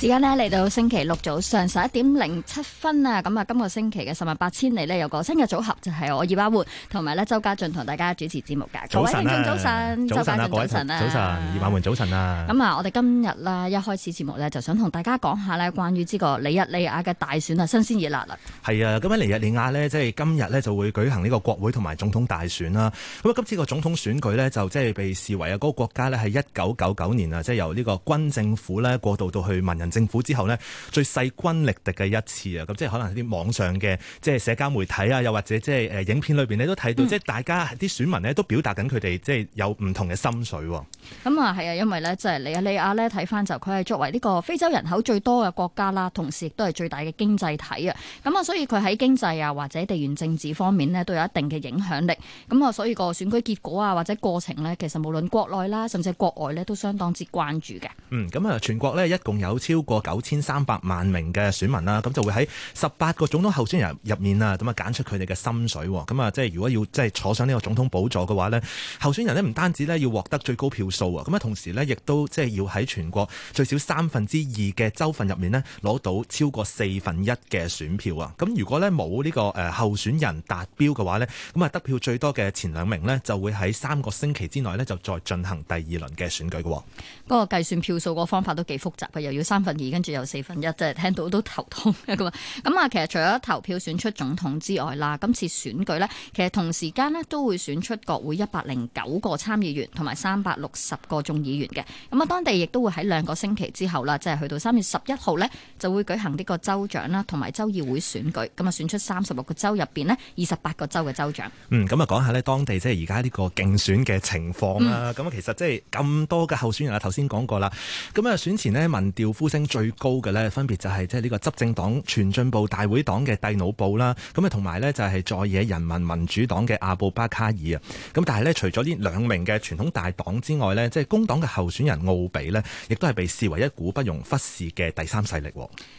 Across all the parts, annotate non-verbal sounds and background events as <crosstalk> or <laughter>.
時間呢，嚟到星期六早上十一點零七分啊！咁啊，今個星期嘅十萬八千里呢，有個新嘅組合就係、是、我葉亞活同埋呢周家俊同大家主持節目噶。早晨啦，早晨，周家早晨，早晨，早晨，葉亞活早晨啊！咁啊，我哋今日啦一開始節目呢，就想同大家講下呢關於呢個尼日利亞嘅大選鮮啊，新鮮熱辣啦！係啊，咁喺尼日利亞呢，即係今日呢，就會舉行呢個國會同埋總統大選啦。咁啊，今次個總統選舉呢，就即係被視為啊，嗰個國家呢，係一九九九年啊，即係由呢個軍政府呢過渡到去民人。政府之後呢，最勢均力敵嘅一次啊！咁即係可能啲網上嘅即係社交媒體啊，又或者即係誒影片裏邊呢都睇到，嗯、即係大家啲選民呢都表達緊佢哋即係有唔同嘅心水、哦。咁啊係啊，因為呢，即、就、係、是、尼日利亞呢，睇翻就佢係作為呢個非洲人口最多嘅國家啦，同時亦都係最大嘅經濟體啊。咁啊，所以佢喺經濟啊或者地緣政治方面呢，都有一定嘅影響力。咁啊，所以個選舉結果啊或者過程呢，其實無論國內啦甚至係國外呢，都相當之關注嘅、嗯。嗯，咁啊，全國呢，一共有超超過九千三百萬名嘅選民啦，咁就會喺十八個總統候選人入面啊，咁啊揀出佢哋嘅心水。咁啊，即係如果要即係坐上呢個總統寶座嘅話呢，候選人呢唔單止呢要獲得最高票數啊，咁啊同時呢亦都即係要喺全國最少三分之二嘅州份入面呢攞到超過四分一嘅選票啊。咁如果呢冇呢個誒候選人達標嘅話呢，咁啊得票最多嘅前兩名呢就會喺三個星期之內呢就再進行第二輪嘅選舉嘅。嗰個計算票數個方法都幾複雜嘅，又要三分。跟住有四分一，即係聽到都頭痛咁啊！其實除咗投票選出總統之外啦，今次選舉咧，其實同時間呢都會選出國會一百零九個參議員同埋三百六十個眾議員嘅。咁啊，當地亦都會喺兩個星期之後啦，即係去到三月十一號呢，就會舉行呢個州長啦同埋州議會選舉，咁啊選出三十六個州入面呢，二十八個州嘅州長。嗯，咁啊講下呢當地即係而家呢個競選嘅情況啦。咁啊、嗯、其實即係咁多嘅候選人啊，頭先講過啦。咁啊選前呢，民調呼聲。最高嘅呢，分別就係即係呢個執政黨全進步大會黨嘅蒂魯布啦，咁啊同埋呢，就係在野人民民主黨嘅阿布巴卡爾啊，咁但係呢，除咗呢兩名嘅傳統大黨之外呢，即係工黨嘅候選人奧比呢，亦都係被視為一股不容忽視嘅第三勢力。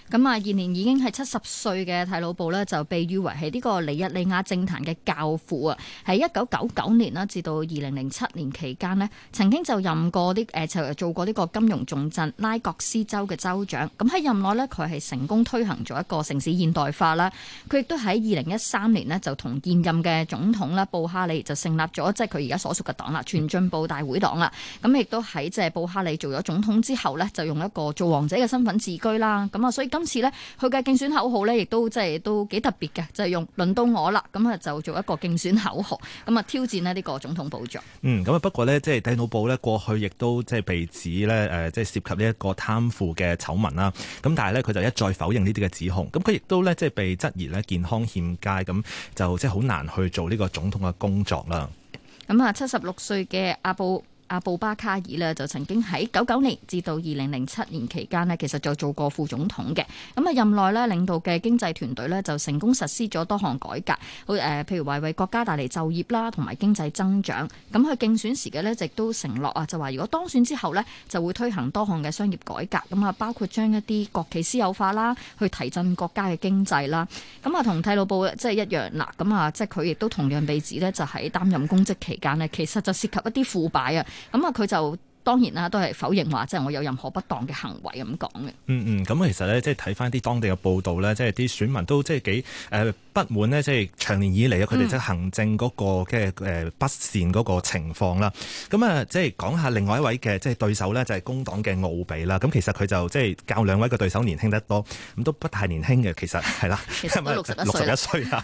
咁啊，現年已經係七十歲嘅蒂魯布呢，就被譽為係呢個尼日利亞政壇嘅教父啊！喺一九九九年啦，至到二零零七年期間呢，曾經就任過啲誒做過呢個金融重鎮拉各斯州嘅州州長，咁喺任內呢，佢係成功推行咗一個城市現代化啦。佢亦都喺二零一三年呢，就同現任嘅總統啦，布哈里就成立咗即係佢而家所屬嘅黨啦，全進步大會黨啦。咁亦都喺即係布哈里做咗總統之後呢，就用一個做王者嘅身份自居啦。咁啊，所以今次呢，佢嘅競選口號呢，亦都即係都幾特別嘅，就係用輪到我啦，咁啊就做一個競選口號，咁啊挑戰呢呢個總統寶座。嗯，咁啊不過呢，即係蒂努布呢，過去亦都即係被指呢，誒、呃、即係涉及呢一個貪腐嘅。嘅醜聞啦，咁但係咧佢就一再否認呢啲嘅指控，咁佢亦都咧即係被質疑咧健康欠佳，咁就即係好難去做呢個總統嘅工作啦。咁啊，七十六歲嘅阿布。阿布巴卡爾呢，就曾經喺九九年至到二零零七年期間呢，其實就做過副總統嘅。咁啊，任內呢，領導嘅經濟團隊呢，就成功實施咗多項改革，好誒，譬如話為國家帶嚟就業啦，同埋經濟增長。咁佢競選時嘅呢，亦都承諾啊，就話如果當選之後呢，就會推行多項嘅商業改革。咁啊，包括將一啲國企私有化啦，去提振國家嘅經濟啦。咁啊，同替魯布即係一樣啦。咁啊，即係佢亦都同樣被指呢，就喺擔任公職期間呢，其實就涉及一啲腐敗啊。咁啊，佢就。當然啦，都係否認話，即係我有任何不當嘅行為咁講嘅。嗯嗯，咁其實咧，即係睇翻啲當地嘅報道咧，即係啲選民都即係幾誒不滿呢即係長年以嚟啊，佢哋即係行政嗰、嗰個嘅誒、呃、不善嗰個情況啦。咁啊，即係講下另外一位嘅即係對手呢，就係、係、工黨嘅奧比啦。咁其實佢就即係較兩位嘅對手年輕得多，咁都不太年輕嘅其實係啦，六十，六十一歲啦，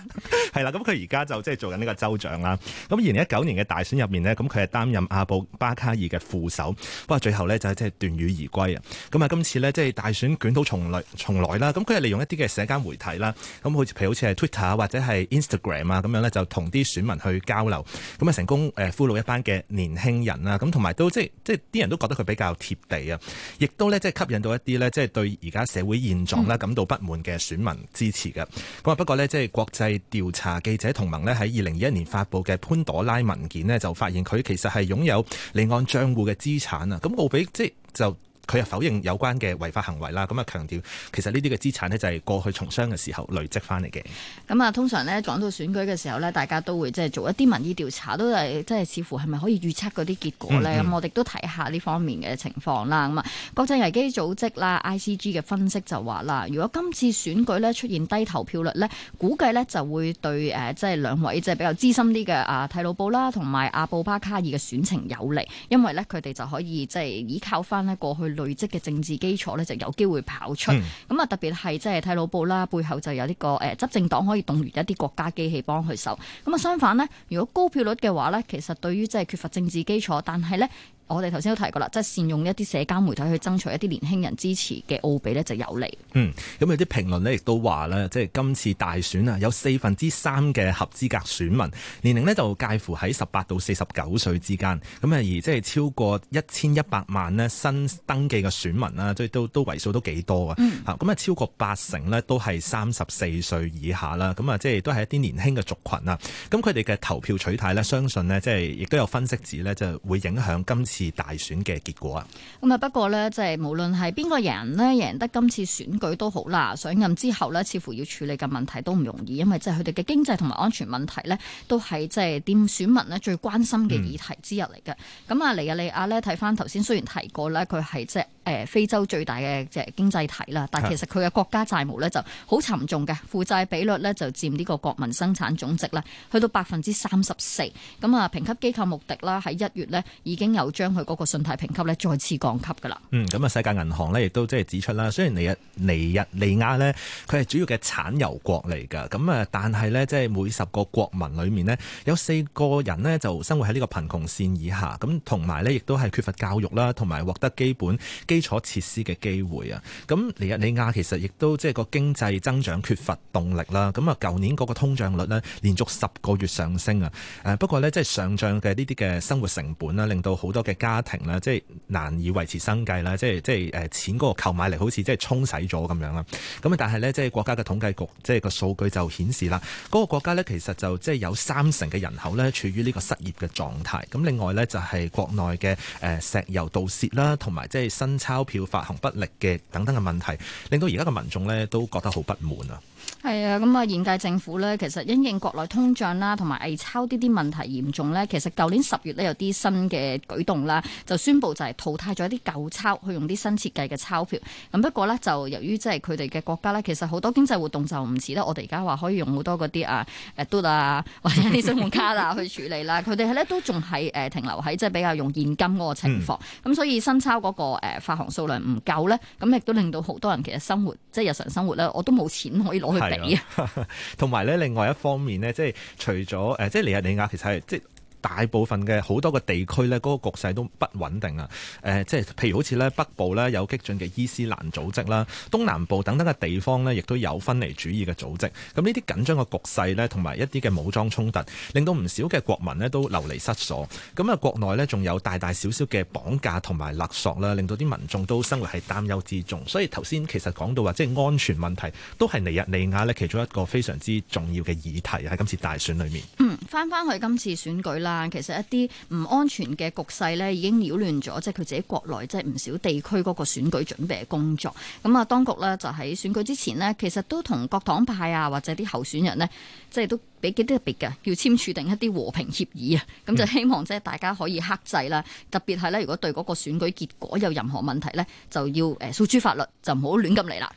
係啦。咁佢而家就即係做緊呢個州長啦。咁二零一九年嘅大選入面呢，咁佢係擔任阿布巴卡爾嘅副手。不過最後呢，就係即係斷羽而歸啊！咁啊今次呢，即係大選捲土重來重來啦！咁佢係利用一啲嘅社交媒體啦，咁好似譬如好似係 Twitter 或者係 Instagram 啊咁樣呢，就同啲選民去交流，咁啊成功誒俘虜一班嘅年輕人啊。咁同埋都即係即係啲人都覺得佢比較貼地啊！亦都呢，即係吸引到一啲呢，即係對而家社會現狀啦感到不滿嘅選民支持嘅。咁啊、嗯、不過呢，即係國際調查記者同盟呢，喺二零二一年發布嘅潘朵拉文件呢，就發現佢其實係擁有離岸帳戶嘅資。資產啊，咁我比即係就。佢又否認有關嘅違法行為啦，咁啊強調其實呢啲嘅資產呢，就係過去從商嘅時候累積翻嚟嘅。咁啊，通常呢，講到選舉嘅時候呢，大家都會即係做一啲民意調查，都係即係似乎係咪可以預測嗰啲結果呢。咁、嗯嗯、我哋都睇下呢方面嘅情況啦。咁啊，國際危機組織啦 （ICG） 嘅分析就話啦，如果今次選舉呢，出現低投票率呢，估計呢就會對誒即係兩位即係比較資深啲嘅啊泰魯布啦同埋阿布巴卡爾嘅選情有利，因為呢，佢哋就可以即係依靠翻呢過去。累積嘅政治基礎咧，就有機會跑出。咁啊，特別係即係睇老布啦，背後就有呢個誒執政黨可以動員一啲國家機器幫佢手。咁啊，相反咧，如果高票率嘅話咧，其實對於即係缺乏政治基礎，但係呢。我哋頭先都提過啦，即係善用一啲社交媒體去爭取一啲年輕人支持嘅奧比呢就有利。嗯，咁有啲評論呢亦都話啦，即係今次大選啊，有四分之三嘅合資格選民年齡呢就介乎喺十八到四十九歲之間。咁啊，而即係超過一千一百萬呢新登記嘅選民啦，即係、嗯、都都為數都幾多啊。咁啊、嗯、超過八成呢，都係三十四歲以下啦。咁啊，即係都係一啲年輕嘅族群啦。咁佢哋嘅投票取態呢，相信呢，即係亦都有分析指呢，就會影響今次。次大選嘅結果啊，咁啊不過呢，即係無論係邊個人呢贏得今次選舉都好啦，上任之後呢，似乎要處理嘅問題都唔容易，因為即係佢哋嘅經濟同埋安全問題呢，都係即係點選民呢最關心嘅議題之一嚟嘅。咁啊、嗯，尼日利亞呢，睇翻頭先，雖然提過呢，佢係即係誒非洲最大嘅誒經濟體啦，但其實佢嘅國家債務呢就好沉重嘅，負債比率呢就佔呢個國民生產總值咧，去到百分之三十四。咁啊，評級機構穆迪啦喺一月呢已經有將將佢嗰個信貸評級咧再次降級噶啦。嗯，咁啊，世界銀行咧亦都即係指出啦，雖然尼日尼日利亞咧，佢係主要嘅產油國嚟噶，咁啊，但係咧即係每十個國民裏面咧，有四個人咧就生活喺呢個貧窮綫以下，咁同埋咧亦都係缺乏教育啦，同埋獲得基本基礎設施嘅機會啊。咁尼日利亞其實亦都即係個經濟增長缺乏動力啦。咁啊，舊年嗰個通脹率咧連續十個月上升啊。誒，不過咧即係上漲嘅呢啲嘅生活成本啦，令到好多嘅。家庭啦，即係難以維持生計啦，即係即係誒錢嗰個購買力好似即係沖洗咗咁樣啦。咁啊，但係咧，即係國家嘅統計局，即係個數據就顯示啦，嗰個國家咧其實就即係有三成嘅人口咧處於呢個失業嘅狀態。咁另外咧就係國內嘅石油盜竊啦，同埋即係新鈔票發行不力嘅等等嘅問題，令到而家嘅民眾咧都覺得好不滿啊。係啊，咁啊，現屆政府咧，其實因應國內通脹啦、啊，同埋偽鈔呢啲問題嚴重咧，其實舊年十月咧有啲新嘅舉動啦，就宣布就係淘汰咗一啲舊鈔，去用啲新設計嘅鈔票。咁不過咧，就由於即係佢哋嘅國家咧，其實好多經濟活動就唔似得我哋而家話可以用好多嗰啲啊，誒 d u 啊，或者啲信用卡啊去處理啦。佢哋咧都仲係誒停留喺即係比較用現金嗰個情況。咁、嗯、所以新鈔嗰個誒發行數量唔夠咧，咁亦都令到好多人其實生活即係日常生活咧，我都冇錢可以攞去。地啊，同埋咧，另外一方面咧，即係除咗、呃、即係尼日利亞，其實係即。大部分嘅好多個地區咧，嗰個局勢都不穩定啊！誒即係譬如好似咧北部咧有激進嘅伊斯蘭組織啦，東南部等等嘅地方咧，亦都有分離主義嘅組織，咁呢啲緊張嘅局勢咧，同埋一啲嘅武裝衝突，令到唔少嘅國民咧都流離失所。咁啊，國內咧仲有大大小小嘅綁架同埋勒索啦，令到啲民眾都生活喺擔憂之中。所以頭先其實講到話即係安全問題都係尼日利亞咧其中一個非常之重要嘅議題，喺今次大選裏面。嗯，翻翻去今次選舉。啊，其實一啲唔安全嘅局勢咧，已經擾亂咗，即係佢自己國內即係唔少地區嗰個選舉準備嘅工作。咁啊，當局咧就喺選舉之前呢，其實都同各黨派啊或者啲候選人呢，即係都。俾幾特別嘅，要簽署定一啲和平協議啊。咁就希望即係大家可以克制啦。特別係咧，如果對嗰個選舉結果有任何問題咧，就要誒訴諸法律，就唔好亂咁嚟啦。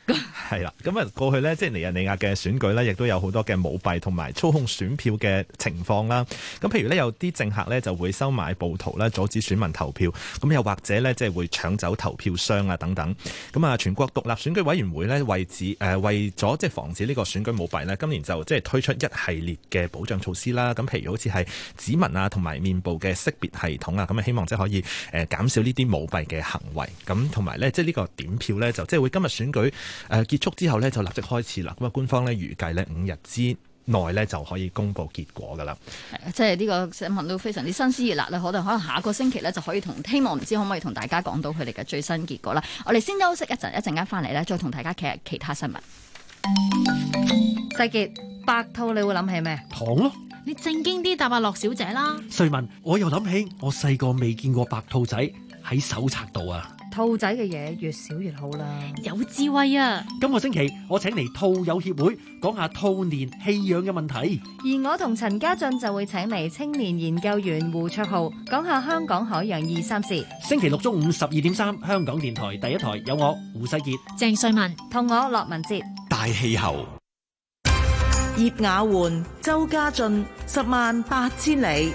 係 <laughs> 啦，咁啊過去呢，即係尼日利亞嘅選舉呢，亦都有好多嘅舞弊同埋操控選票嘅情況啦。咁譬如呢，有啲政客呢就會收買暴徒啦，阻止選民投票。咁又或者呢，即係會搶走投票箱啊等等。咁啊，全國獨立選舉委員會呢為止誒、呃，為咗即係防止呢個選舉舞弊呢，今年就即係推出一系列嘅保障措施啦，咁譬如好似係指紋啊，同埋面部嘅識別系統啊，咁啊希望即係可以誒減少呢啲舞弊嘅行為，咁同埋咧，即係呢個點票咧，就即係會今日選舉誒結束之後咧，就立即開始啦。咁啊，官方咧預計咧五日之內咧就可以公布結果噶啦。係，即係呢個新聞都非常之新鮮熱辣啦。可能可能下個星期咧就可以同，希望唔知可唔可以同大家講到佢哋嘅最新結果啦。我哋先休息一陣，一陣間翻嚟咧再同大家傾下其他新聞。世傑。白兔你會諗起咩？糖咯！你正經啲答阿洛小姐啦。瑞文，我又諗起我細個未見過白兔仔喺手冊度。啊，兔仔嘅嘢，越少越好啦，有智慧啊！今個星期我請嚟兔友協會講下兔年棄養嘅問題，而我同陳家俊就會請嚟青年研究員胡卓豪講下香港海洋二三事。星期六中午十二點三，香港電台第一台有我胡世杰、鄭瑞文同我駱文捷大氣候。葉雅桓、周家俊，十萬八千里。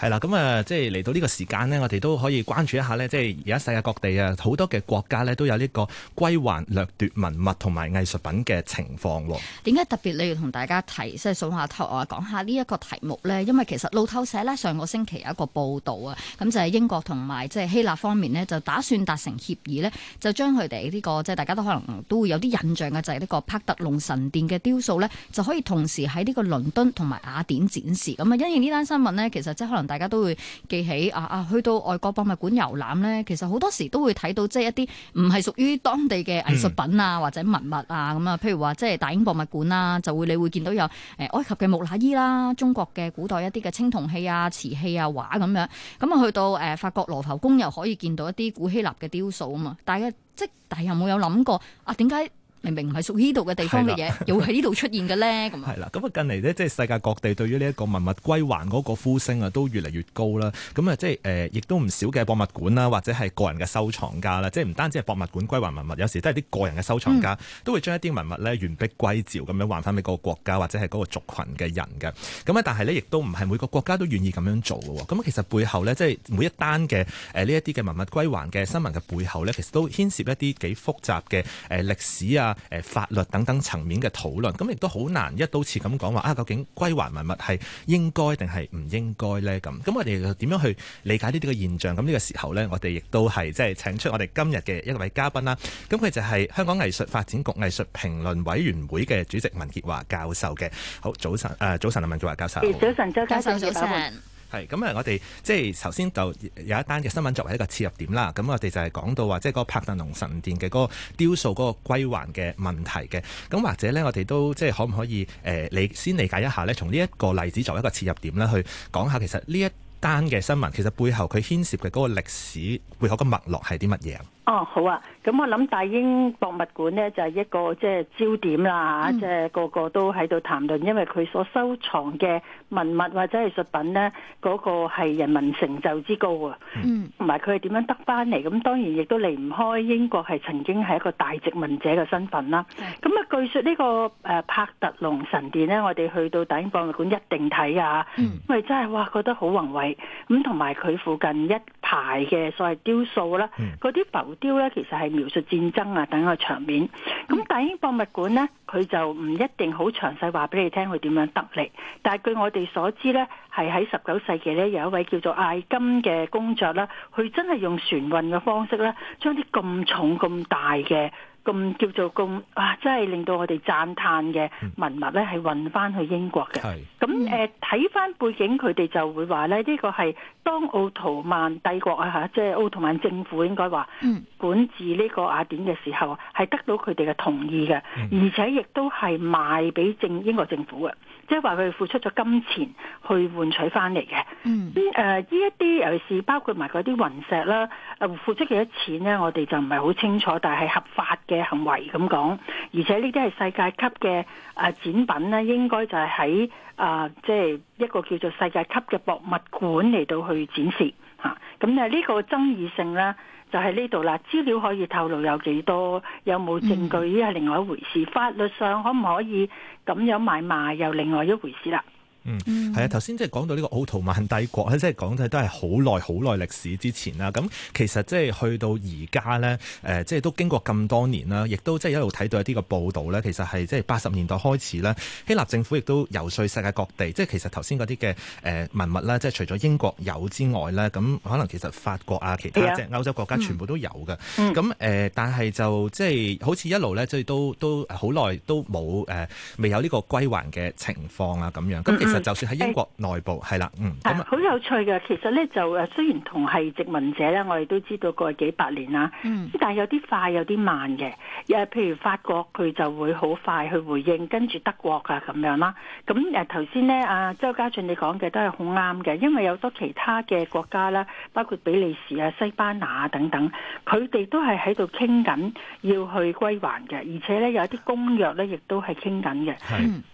係啦，咁啊、嗯，即係嚟到呢個時間呢，我哋都可以關注一下呢。即係而家世界各地啊，好多嘅國家呢，都有呢個歸還掠奪文物同埋藝術品嘅情況喎。點解特別你要同大家提，即係數下頭，我講下呢一個題目呢。因為其實路透社呢，上個星期有一個報導啊，咁就係英國同埋即係希臘方面呢，就打算達成協議呢，就將佢哋呢個即係大家都可能都會有啲印象嘅，就係、是、呢個帕特農神殿嘅雕塑呢，就可以同時喺呢個倫敦同埋雅典展示。咁啊，因應呢單新聞呢，其實即係可能。大家都會記起啊啊，去到外國博物館遊覽咧，其實好多時都會睇到即係一啲唔係屬於當地嘅藝術品啊，或者文物啊咁啊。譬如話即係大英博物館啊，就會你會見到有誒、欸、埃及嘅木乃伊啦，中國嘅古代一啲嘅青銅器啊、瓷器啊、畫咁樣。咁啊，去到、呃、法國羅浮宮又可以見到一啲古希臘嘅雕塑啊嘛。大家即係，但係有冇有諗過啊？點解？明明唔係屬於呢度嘅地方嘅嘢，的又會喺呢度出現嘅咧，咁啊？係啦，咁啊近嚟呢， <laughs> 即係世界各地對於呢一個文物歸還嗰個呼聲啊，都越嚟越高啦。咁啊，即係誒，亦都唔少嘅博物館啦，或者係個人嘅收藏家啦，即係唔單止係博物館歸還文物，有時都係啲個人嘅收藏家都會將一啲文物呢，完璧歸趙咁樣還翻俾嗰個國家或者係嗰個族群嘅人嘅。咁啊，但係呢，亦都唔係每個國家都願意咁樣做嘅喎。咁啊，其實背後呢，即係每一單嘅誒呢一啲嘅文物歸還嘅新聞嘅背後呢，其實都牽涉一啲幾複雜嘅誒歷史啊。誒，法律等等層面嘅討論，咁亦都好難一刀切咁講話啊，究竟歸還文物係應該定係唔應該咧？咁咁我哋點樣去理解呢啲嘅現象？咁呢個時候咧，我哋亦都係即係請出我哋今日嘅一位嘉賓啦。咁佢就係香港藝術發展局藝術評論委員會嘅主席文潔華教授嘅。好早晨，誒早晨，林文潔華教授。早晨，周家俊教授。係，咁啊，我哋即係頭先就有一單嘅新聞作為一個切入點啦。咁我哋就係講到話，即係嗰個帕特農神殿嘅嗰個雕塑嗰個歸還嘅問題嘅。咁或者呢，我哋都即係可唔可以誒、呃，你先理解一下呢？從呢一個例子作為一個切入點啦，去講下其實呢一單嘅新聞其實背後佢牽涉嘅嗰個歷史背後嘅脈絡係啲乜嘢？哦，好啊！咁我諗大英博物館咧就係、是、一個即係、就是、焦點啦，即係、嗯、個個都喺度談論，因為佢所收藏嘅文物或者係藝術品咧，嗰、那個係人民成就之高啊！嗯，同埋佢係點樣得翻嚟？咁當然亦都離唔開英國係曾經係一個大殖民者嘅身份啦。咁啊，據說呢、這個誒帕、啊、特隆神殿咧，我哋去到大英博物館一定睇啊，嗯、因為真係哇覺得好宏偉。咁同埋佢附近一。牌嘅所謂雕塑啦，嗰啲浮雕咧，其實係描述戰爭啊等個場面。咁大英博物館咧，佢就唔一定好詳細話俾你聽佢點樣得嚟。但係據我哋所知咧，係喺十九世紀咧，有一位叫做艾金嘅工作啦，佢真係用船運嘅方式咧，將啲咁重咁大嘅。咁叫做咁啊！真係令到我哋讚嘆嘅文物咧，係運翻去英國嘅。咁誒睇翻背景，佢哋、嗯、就會話咧，呢個係當奧圖曼帝國啊吓，即係奧圖曼政府應該話、嗯、管治呢個雅典嘅時候，係得到佢哋嘅同意嘅，嗯、而且亦都係賣俾政英國政府嘅，即係話佢哋付出咗金錢去換取翻嚟嘅。嗯，誒呢一啲，尤其是包括埋嗰啲雲石啦，誒、啊、付出幾多錢咧，我哋就唔係好清楚，但係係合法。嘅行為咁講，而且呢啲係世界級嘅啊展品呢，應該就係喺啊，即係一個叫做世界級嘅博物館嚟到去展示吓。咁啊，呢個爭議性呢，就喺呢度啦。資料可以透露有幾多，有冇證據呢？係另外一回事。嗯、法律上可唔可以咁樣買賣，又另外一回事啦。嗯，係啊，頭先即係講到呢個奧圖曼帝國咧，即係講嘅都係好耐好耐歷史之前啦。咁其實即係去到而家咧，誒，即係都經過咁多年啦，亦都即係一路睇到一啲嘅報道咧，其實係即係八十年代開始咧，希臘政府亦都遊說世界各地，即係其實頭先嗰啲嘅誒文物啦，即係除咗英國有之外咧，咁可能其實法國啊，其他即係歐洲國家全部都有嘅。咁誒、嗯，嗯、但係就即係好似一路咧，即係都都好耐都冇誒，未有呢個歸還嘅情況啊，咁樣。其實就算喺英國內部係啦，嗯，好有趣嘅。其實咧就誒，雖然同係殖民者咧，我哋都知道過去幾百年啦，嗯，但係有啲快有啲慢嘅。誒，譬如法國佢就會好快去回應，跟住德國啊咁樣啦。咁誒頭先咧，啊周家俊你講嘅都係好啱嘅，因為有多其他嘅國家啦，包括比利時啊、西班牙啊等等，佢哋都係喺度傾緊要去歸還嘅，而且咧有一啲公約咧亦都係傾緊嘅。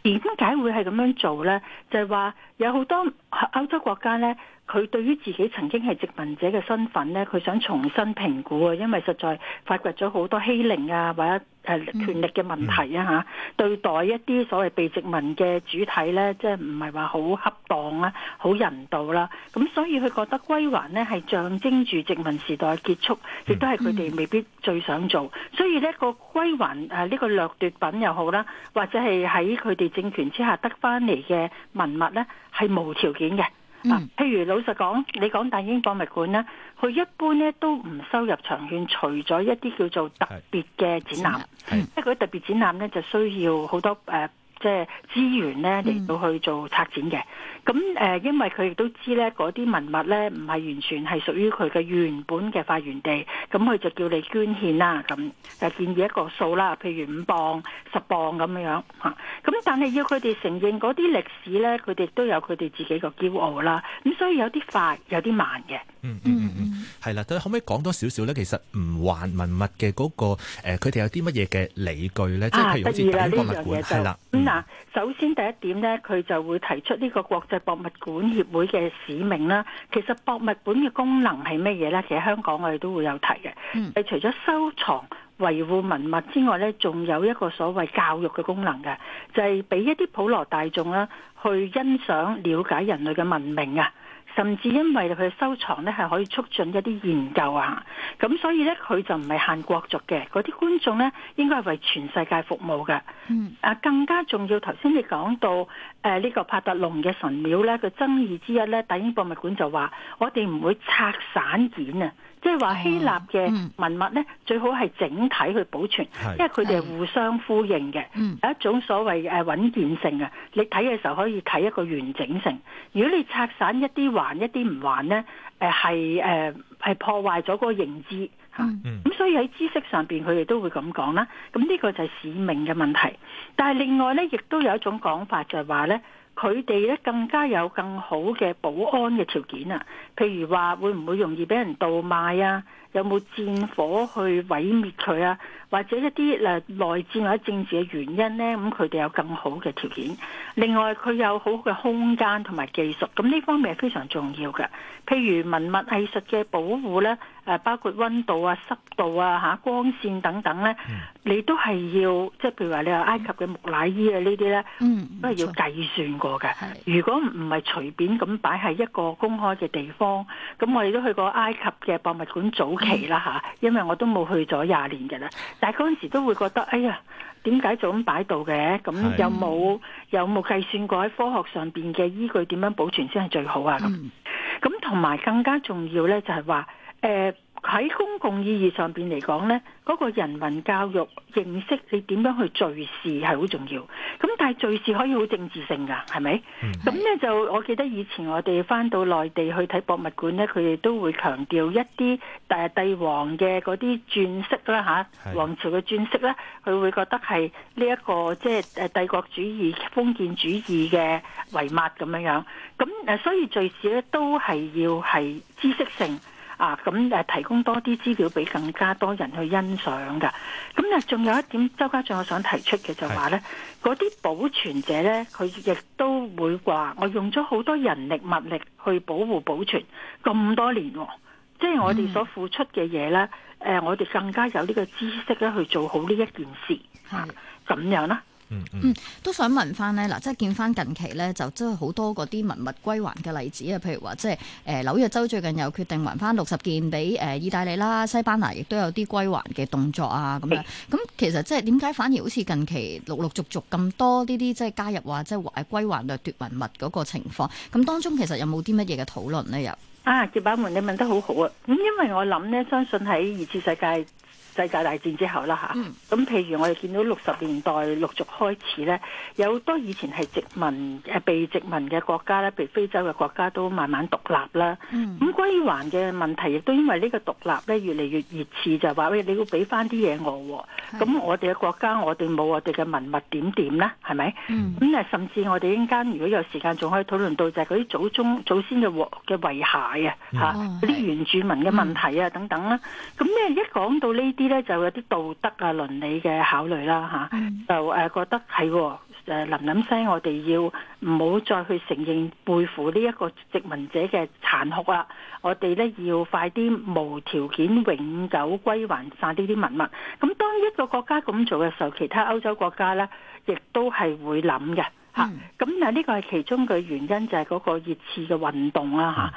點解係會係咁樣做咧？就係話有好多歐洲國家咧。佢對於自己曾經係殖民者嘅身份呢，佢想重新評估啊，因為實在發掘咗好多欺凌啊，或者誒權力嘅問題、嗯嗯、啊嚇，對待一啲所謂被殖民嘅主體呢，即係唔係話好恰當啦、啊，好人道啦、啊，咁所以佢覺得歸還呢係象徵住殖民時代嘅結束，亦都係佢哋未必最想做，嗯嗯、所以呢、個歸還誒呢個掠奪品又好啦，或者係喺佢哋政權之下得翻嚟嘅文物呢，係無條件嘅。嗱、嗯啊，譬如老實講，你講大英博物館咧，佢一般咧都唔收入場券，除咗一啲叫做特別嘅展覽，即係佢特別展覽咧，就需要好多誒。呃即係資源咧嚟到去做策展嘅，咁誒、呃，因為佢亦都知咧嗰啲文物咧唔係完全係屬於佢嘅原本嘅發源地，咁佢就叫你捐獻啦，咁就建議一個數啦，譬如五磅、十磅咁樣吓，咁但係要佢哋承認嗰啲歷史咧，佢哋都有佢哋自己個驕傲啦，咁所以有啲快，有啲慢嘅。嗯嗯嗯嗯，係啦，咁可唔可以講多少少咧？其實唔還文物嘅嗰個誒，佢哋有啲乜嘢嘅理據咧？即係譬如好似國立博物館係啦。嗱，首先第一點咧，佢就會提出呢個國際博物館協會嘅使命啦。其實博物館嘅功能係乜嘢咧？其實香港我哋都會有提嘅。係除咗收藏維護文物之外咧，仲有一個所謂教育嘅功能嘅，就係俾一啲普羅大眾啦去欣賞、了解人類嘅文明啊。甚至因為佢嘅收藏咧係可以促進一啲研究啊，咁所以咧佢就唔係限國族嘅，嗰啲觀眾咧應該係為全世界服務嘅。嗯，啊更加重要，頭先你講到誒呢、呃這個帕特龍嘅神廟咧，個爭議之一咧，大英博物館就話：我哋唔會拆散件啊！即係話希臘嘅文物咧，最好係整體去保存，嗯、因為佢哋互相呼應嘅，嗯、有一種所謂穩健性嘅。你睇嘅時候可以睇一個完整性。如果你拆散一啲還一啲唔還咧，誒係係破壞咗個認知吓咁、嗯、所以喺知識上面，佢哋都會咁講啦。咁呢個就係使命嘅問題。但係另外咧，亦都有一種講法就係話咧。佢哋咧更加有更好嘅保安嘅條件啊，譬如話會唔會容易俾人盜賣啊？有冇戰火去毀滅佢啊？或者一啲誒內戰或者政治嘅原因呢？咁佢哋有更好嘅條件。另外佢有好嘅空間同埋技術，咁呢方面係非常重要嘅。譬如文物藝術嘅保護呢，包括溫度啊、濕度啊、嚇光線等等呢，你都係要即係譬如話你話埃及嘅木乃伊啊呢啲呢，嗯、都係要計算過嘅。嗯、如果唔係隨便咁擺喺一個公開嘅地方，咁我哋都去過埃及嘅博物館組。期啦吓， <noise> 因為我都冇去咗廿年嘅啦，但係嗰陣時都會覺得，哎呀，點解就咁擺度嘅？咁有冇有冇計算過喺科學上邊嘅依據點樣保存先係最好啊？咁，咁同埋更加重要咧，就係話誒。呃喺公共意義上邊嚟講呢嗰、那個人文教育認識你點樣去敘事係好重要。咁但係敘事可以好政治性噶，係咪？咁呢、嗯、就我記得以前我哋返到內地去睇博物館呢，佢哋都會強調一啲誒帝王嘅嗰啲鑽飾啦吓，王朝嘅鑽飾呢，佢會覺得係呢一個即係、就是、帝國主義、封建主義嘅遺物咁樣樣。咁誒，所以敘事呢，都係要係知識性。啊，咁誒提供多啲資料俾更加多人去欣賞㗎。咁咧仲有一點，周家俊我想提出嘅就話、是、咧，嗰啲是保存者咧，佢亦都會話，我用咗好多人力物力去保護保存咁多年、哦，即係我哋所付出嘅嘢咧，誒我哋更加有呢個知識咧去做好呢一件事咁是、啊、樣啦。嗯，嗯，嗯，都想問翻呢。嗱，即係見翻近期呢，就真係好多嗰啲文物歸還嘅例子啊，譬如話即係誒紐約州最近又決定還翻六十件俾意大利啦，西班牙亦都有啲歸還嘅動作啊，咁樣。咁其實即係點解反而好似近期陸陸,陸續續咁多呢啲即係加入話即係歸還掠奪文物嗰個情況？咁當中其實有冇啲乜嘢嘅討論呢？又啊，葉伯門，你問得好好啊！咁、嗯、因為我諗呢，相信喺二次世界。世界大戰之後啦吓。咁、啊嗯、譬如我哋見到六十年代陸續開始咧，有好多以前係殖民誒、啊、被殖民嘅國家咧，譬如非洲嘅國家都慢慢獨立啦。咁、嗯、歸還嘅問題亦都因為呢個獨立咧，越嚟越熱刺就係、是、話喂，你要俾翻啲嘢我。咁是我哋嘅國家，我哋冇我哋嘅文物點點啦，係咪？咁誒、嗯，甚至我哋依家如果有時間，仲可以討論到就係嗰啲祖宗祖先嘅遺遺骸啊，嚇嗰啲原住民嘅問題啊、嗯、等等啦。咁咩一講到呢啲？呢就有啲道德啊、倫理嘅考慮啦，吓的，就誒覺得係喎，誒，諗諗聲我哋要唔好再去承認背負呢一個殖民者嘅殘酷啦，我哋咧要快啲無條件永久歸還晒呢啲文物。咁當一個國家咁做嘅時候，其他歐洲國家咧亦都係會諗嘅。咁嗱，呢、嗯啊這個係其中嘅原因就、啊，就係嗰個熱刺嘅運動啦，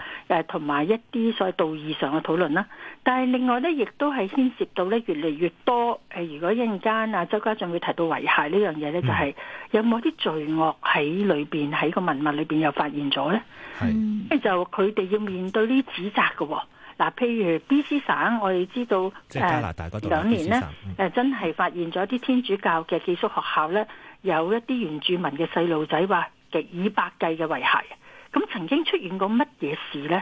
同埋一啲所謂道義上嘅討論啦。但係另外咧，亦都係牽涉到咧，越嚟越多如果一陣間啊，周家俊會提到遺骸呢樣嘢咧，嗯、就係有冇啲罪惡喺裏面、喺個文物裏面又發現咗咧？係、嗯、就佢哋要面對呢啲指責嘅。嗱，譬如 B.C 省，我哋知道誒，加拿大嗰度兩、呃、年咧、嗯、真係發現咗啲天主教嘅寄宿學校咧。有一啲原住民嘅細路仔話極以百計嘅遺骸，咁曾經出現過乜嘢事呢？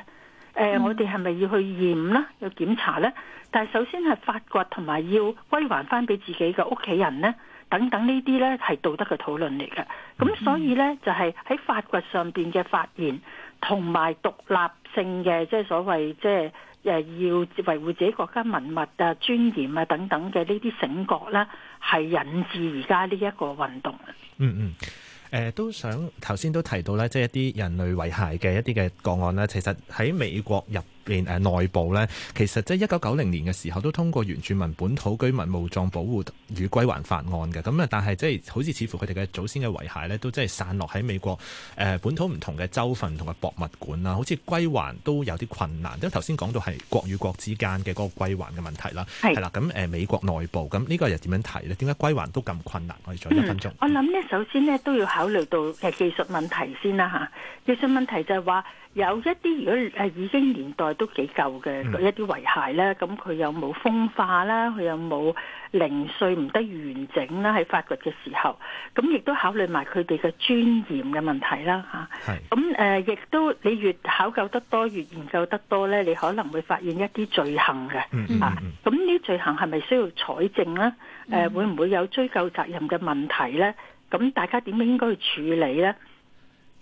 誒、呃，我哋係咪要去驗啦，要檢查呢？但係首先係發掘同埋要歸還翻俾自己嘅屋企人呢。等等這些呢啲呢係道德嘅討論嚟嘅。咁所以呢，就係、是、喺發掘上邊嘅發現同埋獨立性嘅，即係所謂即係。誒要維護自己國家文物啊、尊嚴啊等等嘅呢啲醒覺咧，係引致而家呢一個運動。嗯嗯，誒、嗯呃、都想頭先都提到咧，即係一啲人類遺骸嘅一啲嘅個案咧，其實喺美國入。連誒內部咧，其實即係一九九零年嘅時候都通過原住民本土居民墓葬保護與歸還法案嘅，咁啊，但係即係好似似乎佢哋嘅祖先嘅遺骸咧，都即係散落喺美國誒、呃、本土唔同嘅州份同埋博物館啊，好似歸還都有啲困難，因為頭先講到係國與國之間嘅嗰個歸還嘅問題啦，係啦是，咁誒美國內部咁呢個又點樣提咧？點解歸還都咁困難？嗯、我哋再一分鐘。嗯、我諗呢，首先呢都要考慮到誒技術問題先啦嚇，技術問題就係話。有一啲如果已經年代都幾舊嘅、嗯、一啲遺骸咧，咁佢有冇風化啦？佢有冇零碎唔得完整啦？喺發掘嘅時候，咁亦都考慮埋佢哋嘅尊嚴嘅問題啦嚇。咁誒，亦都你越考究得多，越研究得多咧，你可能會發現一啲罪行嘅啊。咁呢啲罪行係咪需要採證咧？誒、嗯，會唔會有追究責任嘅問題咧？咁大家點應該去處理咧？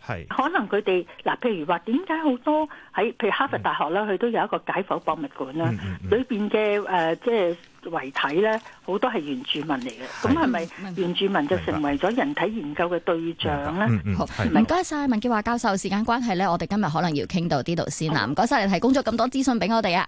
係，是可能佢哋嗱，譬如話點解好多喺譬如哈佛大學啦，佢、嗯、都有一個解剖博物館啦，裏邊嘅誒即係遺體咧，好多係原住民嚟嘅，咁係咪原住民就成為咗人體研究嘅對象咧？嗯嗯、好，唔該晒，文潔華教授，時間關係咧，我哋今日可能要傾到呢度先啦，唔該晒，你提供咗咁多資訊俾我哋啊！